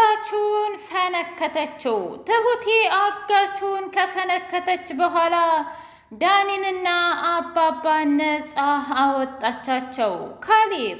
አጋቹን ፈነከተችው። ትሁቴ አጋቹን ከፈነከተች በኋላ ዳኒንና አባባ ነፃ አወጣቻቸው። ካሊብ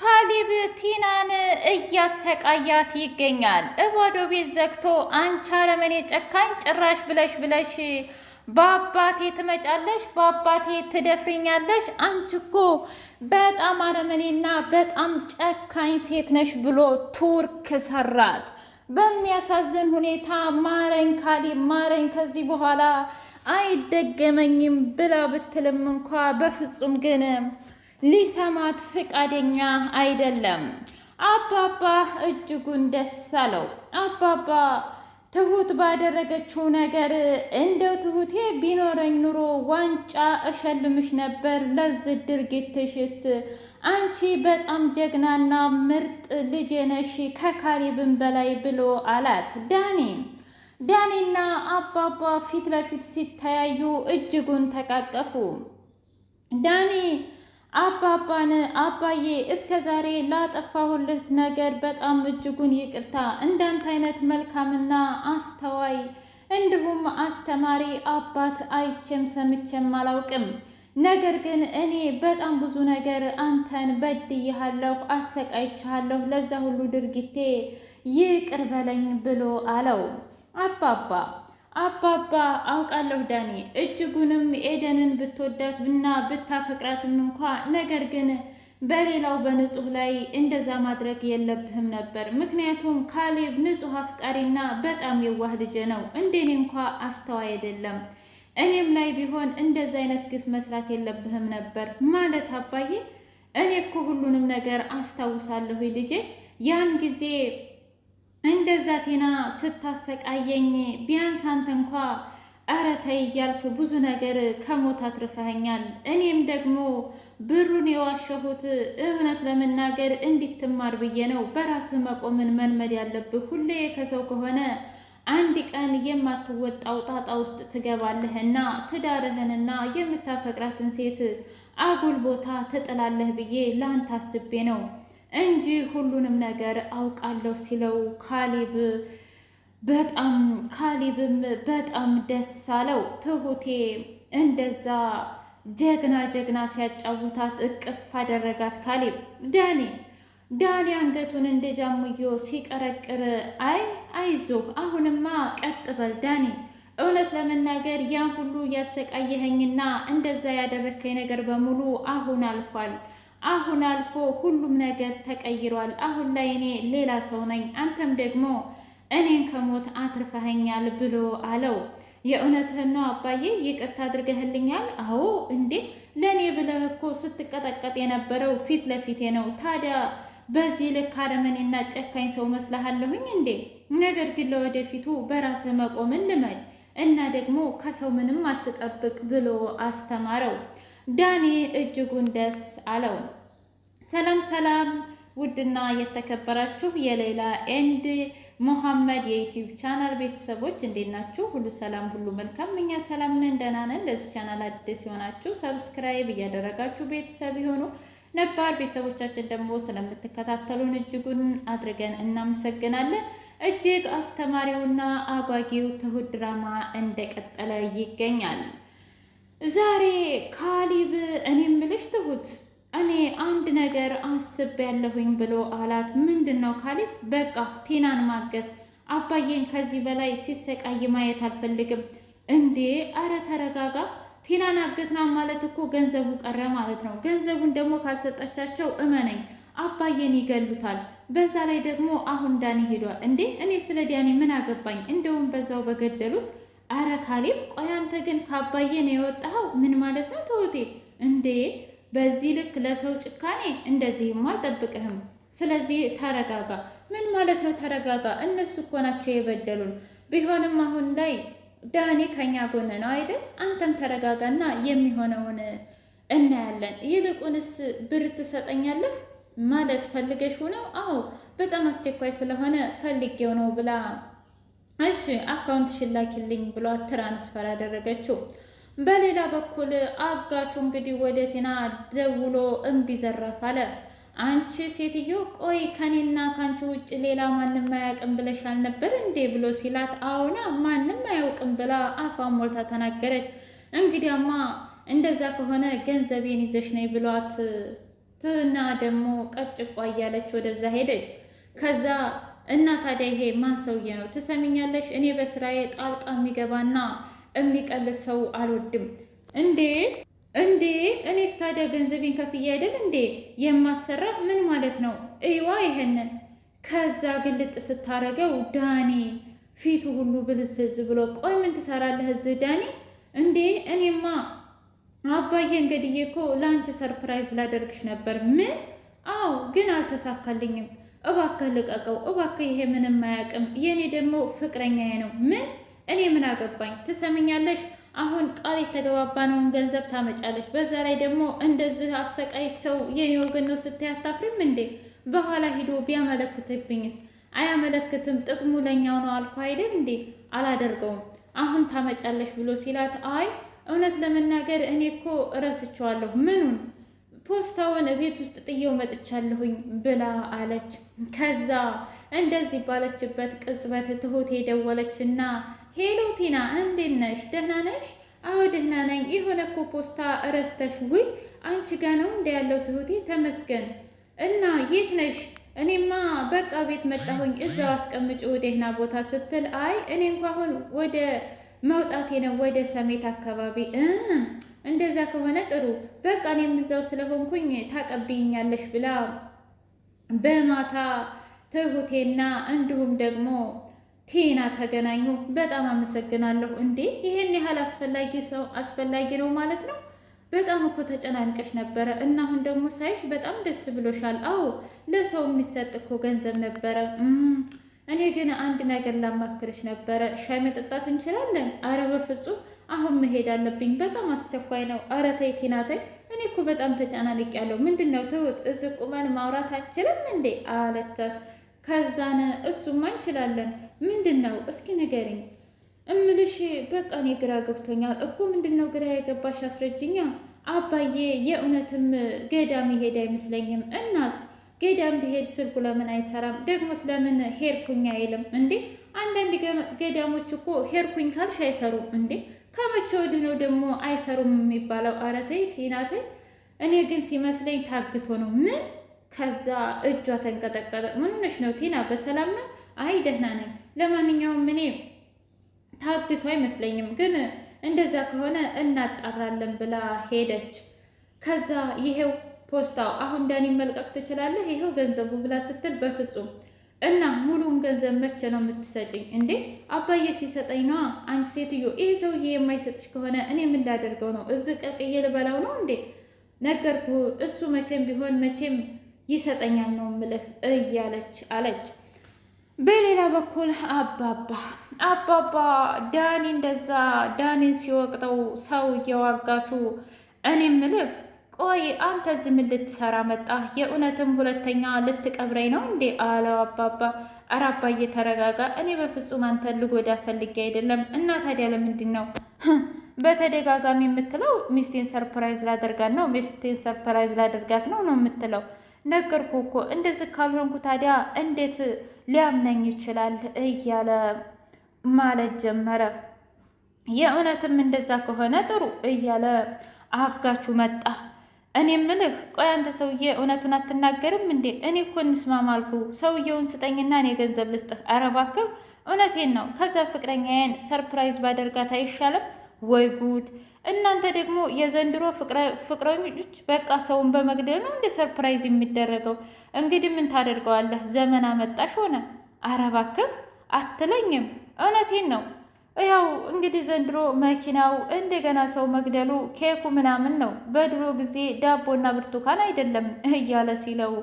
ካሊብ ቲናን እያሰቃያት ይገኛል። እባዶ ቤት ዘግቶ አንቺ አረመኔ ጨካኝ ጭራሽ ብለሽ ብለሽ በአባቴ ትመጫለሽ፣ በአባቴ ትደፍሪኛለሽ፣ አንቺ እኮ በጣም አረመኔና በጣም ጨካኝ ሴት ነሽ ብሎ ቱርክ ሰራት። በሚያሳዝን ሁኔታ ማረኝ ካሊ ማረኝ፣ ከዚህ በኋላ አይደገመኝም ብላ ብትልም እንኳ በፍጹም ግን ሊሰማት ፍቃደኛ አይደለም። አባባ እጅጉን ደስ አለው አባባ ትሁት ባደረገችው ነገር እንደው ትሁቴ ቢኖረኝ ኑሮ ዋንጫ እሸልምሽ ነበር። ለዝ ድርጊትሽስ አንቺ በጣም ጀግናና ምርጥ ልጅ ነሽ ከካሪብን በላይ ብሎ አላት። ዳኒ ዳኒና አባባ ፊት ለፊት ሲተያዩ እጅጉን ተቃቀፉ። ዳኒ አባባን አባዬ እስከ ዛሬ ላጠፋሁልህ ነገር በጣም እጅጉን ይቅርታ። እንዳንተ አይነት መልካምና አስተዋይ እንዲሁም አስተማሪ አባት አይቼም ሰምቼም አላውቅም። ነገር ግን እኔ በጣም ብዙ ነገር አንተን በድዬሃለሁ፣ አሰቃይቻለሁ። ለዛ ሁሉ ድርጊቴ ይቅር በለኝ ብሎ አለው አባባ አባባ አውቃለሁ ዳኒ እጅጉንም ኤደንን ብትወዳት እና ብታፈቅራትም እንኳ ነገር ግን በሌላው በንጹህ ላይ እንደዛ ማድረግ የለብህም ነበር። ምክንያቱም ካሌብ ንጹህ አፍቃሪና በጣም የዋህ ልጅ ነው። እንደኔ እንኳ አስተዋይ አይደለም። እኔም ላይ ቢሆን እንደዚ አይነት ግፍ መስራት የለብህም ነበር ማለት አባዬ፣ እኔ እኮ ሁሉንም ነገር አስታውሳለሁ ልጄ ያን ጊዜ እንደዛ ቴና ስታሰቃየኝ ቢያንስ አንተ እንኳ ኧረ ተይ እያልክ ብዙ ነገር ከሞት አትርፈኸኛል። እኔም ደግሞ ብሩን የዋሸሁት እውነት ለመናገር እንዲትማር ብዬ ነው። በራስህ መቆምን መልመድ ያለብህ። ሁሌ ከሰው ከሆነ አንድ ቀን የማትወጣው ጣጣ ውስጥ ትገባለህና ትዳርህንና የምታፈቅራትን ሴት አጉል ቦታ ትጥላለህ ብዬ ለአንተ አስቤ ነው እንጂ ሁሉንም ነገር አውቃለሁ ሲለው ካሊብ በጣም ካሌብም በጣም ደስ አለው። ትሁቴ እንደዛ ጀግና ጀግና ሲያጫውታት እቅፍ አደረጋት ካሊብ ዳኒ ዳኒ አንገቱን እንደ ጃሙዮ ሲቀረቅር አይ አይዞ፣ አሁንማ ቀጥ በል ዳኒ። እውነት ለመናገር ያን ሁሉ ያሰቃየኸኝና እንደዛ ያደረከኝ ነገር በሙሉ አሁን አልፏል። አሁን አልፎ ሁሉም ነገር ተቀይሯል። አሁን ላይ እኔ ሌላ ሰው ነኝ፣ አንተም ደግሞ እኔን ከሞት አትርፈኸኛል ብሎ አለው። የእውነትህን ነው አባዬ፣ ይቅርታ አድርገህልኛል? አዎ እንዴ፣ ለእኔ ብለህ እኮ ስትቀጠቀጥ የነበረው ፊት ለፊቴ ነው። ታዲያ በዚህ ልክ አረመኔና ጨካኝ ሰው መስልሃለሁኝ እንዴ? ነገር ግን ለወደፊቱ በራስህ መቆምን ልመድ እና ደግሞ ከሰው ምንም አትጠብቅ ብሎ አስተማረው። ዳኒ እጅጉን ደስ አለው። ሰላም ሰላም! ውድና የተከበራችሁ የሌላ ኤንድ ሙሐመድ የዩቲዩብ ቻናል ቤተሰቦች እንዴት ናችሁ? ሁሉ ሰላም፣ ሁሉ መልካም። እኛ ሰላም ነን፣ ደህና ነን። ለዚህ ቻናል አዲስ የሆናችሁ ሰብስክራይብ እያደረጋችሁ ቤተሰብ የሆኑ ነባር ቤተሰቦቻችን ደግሞ ስለምትከታተሉን እጅጉን አድርገን እናመሰግናለን። እጅግ አስተማሪውና አጓጊው ትሁት ድራማ እንደቀጠለ ይገኛል። ዛሬ ካሊብ እኔ ምልሽ ትሁት እኔ አንድ ነገር አስብ ያለሁኝ ብሎ አላት። ምንድን ነው ካሊብ? በቃ ቴናን ማገት አባዬን ከዚህ በላይ ሲሰቃይ ማየት አልፈልግም። እንዴ አረ ተረጋጋ። ቴናን አገትና ማለት እኮ ገንዘቡ ቀረ ማለት ነው። ገንዘቡን ደግሞ ካልሰጠቻቸው እመነኝ አባዬን ይገሉታል። በዛ ላይ ደግሞ አሁን ዳኒ ሄዷል። እንዴ እኔ ስለ ዳኒ ምን አገባኝ? እንደውም በዛው በገደሉት አረ ካሌብ፣ ቆይ አንተ ግን ካባዬ ነው የወጣኸው? ምን ማለት ነው ትሁቴ? እንዴ በዚህ ልክ ለሰው ጭካኔ እንደዚህም አልጠብቅህም። ስለዚህ ተረጋጋ። ምን ማለት ነው ተረጋጋ? እነሱ እኮ ናቸው የበደሉን። ቢሆንም አሁን ላይ ዳኔ ከኛ ጎን ነው አይደል? አንተም ተረጋጋና የሚሆነውን እናያለን። ይልቁንስ ብር ትሰጠኛለህ ማለት ፈልገሽው ነው? አዎ በጣም አስቸኳይ ስለሆነ ፈልጌው ነው ብላ እሺ አካውንት ሽላኪልኝ ብሏት ትራንስፈር አደረገችው። በሌላ በኩል አጋቹ እንግዲህ ወደ ቴና ደውሎ እምቢ ዘራፍ አለ። አንቺ ሴትዮ ቆይ ከኔና ከአንቺ ውጭ ሌላ ማንም አያውቅም ብለሽ አልነበር እንዴ ብሎ ሲላት፣ አሁና ማንም አያውቅም ብላ አፏን ሞልታ ተናገረች። እንግዲያማ እንደዛ ከሆነ ገንዘቤን ይዘሽ ነይ ብሏት ትና ደግሞ ቀጭቋ እያለች ወደዛ ሄደች። ከዛ እና ታዲያ ይሄ ማን ሰውዬ ነው? ትሰሚኛለሽ? እኔ በስራዬ ጣልቃ የሚገባና የሚቀልስ ሰው አልወድም። እንዴ እንዴ! እኔስ ታዲያ ገንዘቤን ከፍዬ አይደል እንዴ የማሰራ? ምን ማለት ነው? እይዋ ይሄንን ከዛ ግልጥ ስታረገው ዳኒ ፊቱ ሁሉ ብልዝልዝ ብሎ፣ ቆይ ምን ትሰራለህ እዚህ ዳኒ? እንዴ እኔማ አባዬ እንግዲህ እኮ ለአንቺ ሰርፕራይዝ ላደርግሽ ነበር። ምን? አዎ፣ ግን አልተሳካልኝም እባክህ ልቀቀው፣ እባክህ ይሄ ምንም አያውቅም። የእኔ ደግሞ ፍቅረኛዬ ነው። ምን እኔ ምን አገባኝ? ትሰምኛለሽ? አሁን ቃል የተገባባነውን ገንዘብ ታመጫለች። በዛ ላይ ደግሞ እንደዚህ አሰቃይቸው የኔ ወገን ነው ስታይ አታፍሪም እንዴ? በኋላ ሂዶ ቢያመለክትብኝስ? አያመለክትም፣ ጥቅሙ ለእኛው ነው አልኩ አይደል እንዴ? አላደርገውም። አሁን ታመጫለች ብሎ ሲላት አይ እውነት ለመናገር እኔ እኮ እረስቸዋለሁ። ምኑን ፖስታውን ቤት ውስጥ ጥየው መጥቻለሁኝ ብላ አለች። ከዛ እንደዚህ ባለችበት ቅጽበት ትሁት ደወለች እና ሄሎ ቲና እንዴት ነሽ? ደህና ነሽ? አዎ ደህና ነኝ። የሆነ እኮ ፖስታ እረስተሽ። ውይ አንቺ ጋ ነው እንደ ያለው ትሁቴ፣ ተመስገን። እና የት ነሽ? እኔማ በቃ ቤት መጣሁኝ፣ እዛው አስቀምጭ ወደህና ቦታ ስትል፣ አይ እኔ እንኳ አሁን ወደ መውጣቴ ነው ወደ ሰሜት አካባቢ እንደዛ ከሆነ ጥሩ በቃ እኔ ስለሆንኩኝ ታቀብይኛለሽ ብላ በማታ ትሁቴና እንዲሁም ደግሞ ቴና ተገናኙ። በጣም አመሰግናለሁ። እንዴ ይህን ያህል አስፈላጊ ሰው አስፈላጊ ነው ማለት ነው። በጣም እኮ ተጨናንቀሽ ነበረ እና አሁን ደግሞ ሳይሽ በጣም ደስ ብሎሻል። አዎ ለሰው የሚሰጥ እኮ ገንዘብ ነበረ። እኔ ግን አንድ ነገር ላማክርሽ ነበረ። ሻይ መጠጣት እንችላለን? አረ በፍጹም አሁን መሄድ አለብኝ፣ በጣም አስቸኳይ ነው። ኧረ ተይ ቲና ተይ፣ እኔ እኮ በጣም ተጨናንቅ ያለው ምንድን ነው? ተውት፣ እዚ ቁመን ማውራት አችልም እንዴ አለቻት። ከዛነ እሱማ እንችላለን። ምንድን ነው እስኪ ንገሪኝ እምልሽ በቃ እኔ ግራ ገብቶኛል እኮ። ምንድን ነው ግራ የገባሽ? አስረጅኛ። አባዬ የእውነትም ገዳም ይሄድ አይመስለኝም። እናስ ገዳም ቢሄድ ስልኩ ለምን አይሰራም? ደግሞስ ለምን ሄድኩኝ አይልም እንዴ? አንዳንድ ገዳሞች እኮ ሄድኩኝ ካልሽ አይሰሩም እንዴ? ከመቼ ወዲህ ነው ደግሞ አይሰሩም የሚባለው? ኧረ ተይ ቲና ተይ። እኔ ግን ሲመስለኝ ታግቶ ነው። ምን ከዛ እጇ ተንቀጠቀጠ። ምን ሆነሽ ነው ቲና? በሰላም ነው? አይ ደህና ነኝ። ለማንኛውም እኔ ታግቶ አይመስለኝም፣ ግን እንደዛ ከሆነ እናጣራለን ብላ ሄደች። ከዛ ይሄው ፖስታው አሁን ዳኒ መልቀቅ ትችላለህ፣ ይሄው ገንዘቡ ብላ ስትል በፍጹም እና ሙሉውን ገንዘብ መቼ ነው የምትሰጭኝ? እንዴ አባዬ ሲሰጠኝ ነዋ። አንቺ ሴትዮ፣ ይህ ሰውዬ የማይሰጥሽ ከሆነ እኔ ምን ላደርገው ነው? እዚህ ቀቅዬ ልበላው ነው እንዴ? ነገርኩ፣ እሱ መቼም ቢሆን መቼም ይሰጠኛል ነው ምልህ እያለች አለች። በሌላ በኩል አባባ አባባ ዳኒ እንደዛ ዳኒን ሲወቅጠው ሰው አጋቹ እኔ ምልህ ቆይ አንተ ዝም ልትሰራ መጣ? የእውነትም ሁለተኛ ልትቀብረኝ ነው እንዴ? አለው አባባ። ኧረ አባዬ ተረጋጋ። እኔ በፍጹም አንተ ልጎዳ ፈልጌ አይደለም። እና ታዲያ ለምንድን ነው በተደጋጋሚ የምትለው? ሚስቴን ሰርፕራይዝ ላደርጋት ነው፣ ሚስቴን ሰርፕራይዝ ላደርጋት ነው ነው የምትለው? ነገርኩ እኮ እንደዚህ ካልሆንኩ ታዲያ እንዴት ሊያምነኝ ይችላል? እያለ ማለት ጀመረ። የእውነትም እንደዛ ከሆነ ጥሩ እያለ አጋቹ መጣ። እኔ ምልህ ቆይ አንተ ሰውዬ እውነቱን አትናገርም እንዴ? እኔ እኮ እንስማማ አልኩ። ሰውየውን ስጠኝና እኔ ገንዘብ ልስጥህ። ኧረ እባክህ እውነቴን ነው። ከዛ ፍቅረኛዬን ሰርፕራይዝ ባደርጋት አይሻልም ወይ? ጉድ! እናንተ ደግሞ የዘንድሮ ፍቅረኞች በቃ ሰውን በመግደል ነው እንደ ሰርፕራይዝ የሚደረገው። እንግዲህ ምን ታደርገዋለህ? ዘመን አመጣሽ ሆነ። ኧረ እባክህ አትለኝም። እውነቴን ነው ያው እንግዲህ ዘንድሮ መኪናው እንደገና ሰው መግደሉ ኬኩ ምናምን ነው፣ በድሮ ጊዜ ዳቦና ብርቱካን አይደለም እያለ ሲለው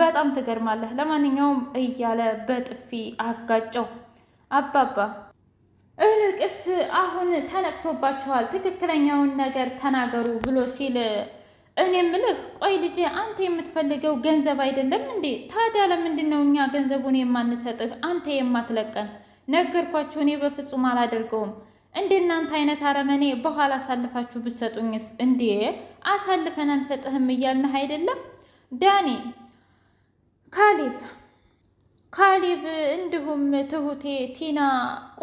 በጣም ትገርማለህ። ለማንኛውም እያለ በጥፊ አጋጨው። አባባ እልቅስ አሁን ተነቅቶባችኋል፣ ትክክለኛውን ነገር ተናገሩ ብሎ ሲል እኔ ምልህ ቆይ ልጄ፣ አንተ የምትፈልገው ገንዘብ አይደለም እንዴ? ታዲያ ለምንድን ነው እኛ ገንዘቡን የማንሰጥህ አንተ የማትለቀን ነገርኳችሁ፣ እኔ በፍጹም አላደርገውም። እንደናንተ አይነት አረመኔ በኋላ አሳልፋችሁ ብትሰጡኝስ? እንዴ አሳልፈን አንሰጥህም እያልንህ አይደለም ዳኒ። ካሊብ ካሊብ እንዲሁም ትሁቴ ቲና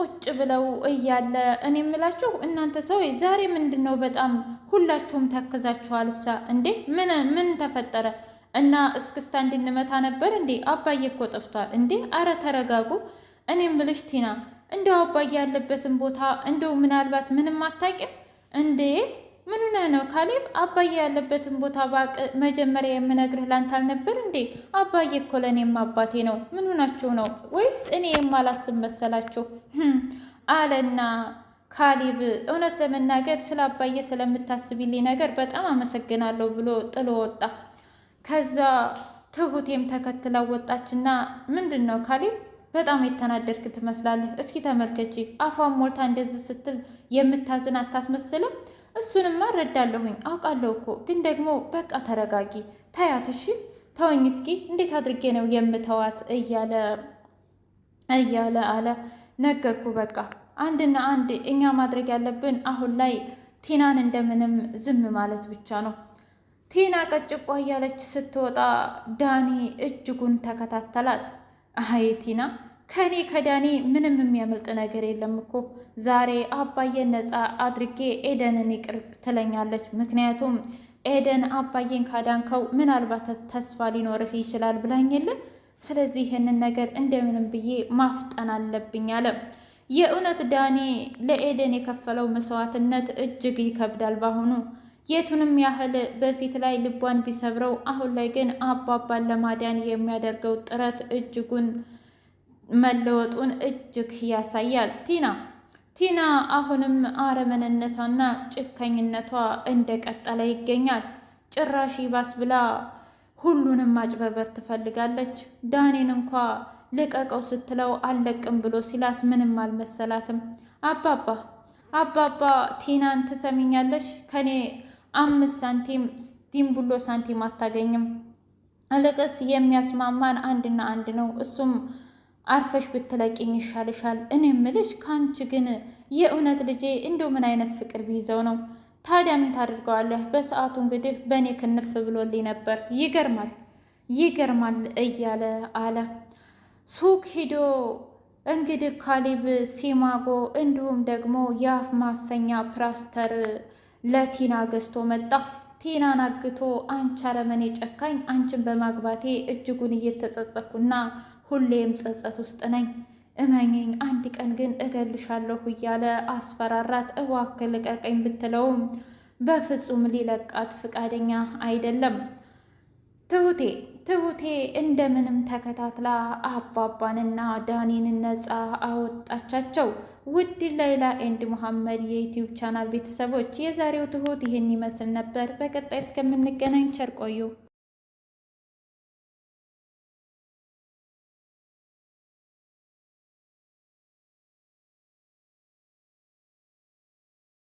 ቁጭ ብለው እያለ እኔ የምላችሁ እናንተ ሰዎች ዛሬ ምንድን ነው? በጣም ሁላችሁም ተክዛችኋል። እሳ እንዴ ምን ምን ተፈጠረ? እና እስክስታ እንድንመታ ነበር እንዴ? አባዬ እኮ ጠፍቷል እንዴ! አረ ተረጋጉ። እኔም ብልሽቲና ቲና እንደው አባዬ ያለበትን ቦታ እንደው ምናልባት ምንም አታውቂም እንዴ? ምን ሆነህ ነው ካሌብ? አባዬ ያለበትን ቦታ ባቅ መጀመሪያ የምነግርህ ላንተ አልነበር እንዴ? አባዬ እኮ ለእኔም አባቴ ነው። ምን ሆናችሁ ነው? ወይስ እኔ የማላስብ መሰላችሁ? አለና ካሊብ እውነት ለመናገር ስለ አባዬ ስለምታስብልኝ ነገር በጣም አመሰግናለሁ ብሎ ጥሎ ወጣ። ከዛ ትሁቴም ተከትላ ወጣችና ምንድን ነው ካሊብ? በጣም የተናደድክ ትመስላለህ። እስኪ ተመልከቺ፣ አፏን ሞልታ እንደዚህ ስትል የምታዝን አታስመስልም? እሱንማ እረዳለሁኝ አውቃለሁ እኮ ግን ደግሞ በቃ ተረጋጊ፣ ተያት እሺ፣ ተወኝ እስኪ እንዴት አድርጌ ነው የምተዋት? እያለ እያለ አለ። ነገርኩ በቃ አንድና አንድ እኛ ማድረግ ያለብን አሁን ላይ ቲናን እንደምንም ዝም ማለት ብቻ ነው። ቲና ቀጭቋ እያለች ስትወጣ ዳኒ እጅጉን ተከታተላት። አይቲና ከእኔ ከዳኒ ምንም የሚያመልጥ ነገር የለም እኮ ዛሬ አባዬን ነፃ አድርጌ ኤደንን ይቅር ትለኛለች። ምክንያቱም ኤደን አባዬን ካዳንከው ምናልባት ተስፋ ሊኖርህ ይችላል ብላኝ የለ። ስለዚህ ይህንን ነገር እንደምንም ብዬ ማፍጠን አለብኝ አለ። የእውነት ዳኒ ለኤደን የከፈለው መስዋዕትነት እጅግ ይከብዳል በአሁኑ የቱንም ያህል በፊት ላይ ልቧን ቢሰብረው አሁን ላይ ግን አባባን ለማዳን የሚያደርገው ጥረት እጅጉን መለወጡን እጅግ ያሳያል። ቲና ቲና አሁንም አረመንነቷና ጭካኝነቷ እንደቀጠለ ይገኛል። ጭራሽ ይባስ ብላ ሁሉንም ማጭበርበር ትፈልጋለች። ዳኔን እንኳ ልቀቀው ስትለው አልለቅም ብሎ ሲላት ምንም አልመሰላትም። አባባ አባባ ቲናን ትሰሚኛለሽ ከኔ አምስት ሳንቲም ብሎ ሳንቲም አታገኝም። አለቀስ የሚያስማማን አንድና አንድ ነው። እሱም አርፈሽ ብትለቂኝ ይሻልሻል። እኔ ምልሽ ከአንቺ ግን የእውነት ልጄ እንደው ምን አይነት ፍቅር ቢይዘው ነው ታዲያ? ምን ታደርገዋለህ? በሰዓቱ እንግዲህ በእኔ ክንፍ ብሎልኝ ነበር። ይገርማል ይገርማል እያለ አለ ሱቅ ሂዶ እንግዲህ ካሊብ ሲማጎ እንዲሁም ደግሞ የአፍ ማፈኛ ፕላስተር ለቲና ገዝቶ መጣ። ቲናን አግቶ አንቺ አረመኔ ጨካኝ፣ አንቺን በማግባቴ እጅጉን እየተጸጸኩና ሁሌም ጸጸት ውስጥ ነኝ። እመኝኝ አንድ ቀን ግን እገልሻለሁ እያለ አስፈራራት። እባክህ ልቀቀኝ ብትለውም በፍጹም ሊለቃት ፍቃደኛ አይደለም። ትሁቴ ትሁቴ እንደምንም ተከታትላ አባባንና ዳኒን ነፃ አወጣቻቸው። ውድ ላይላ ኤንድ መሐመድ የዩቲዩብ ቻናል ቤተሰቦች የዛሬው ትሁት ይህን ይመስል ነበር። በቀጣይ እስከምንገናኝ ቸር ቆዩ።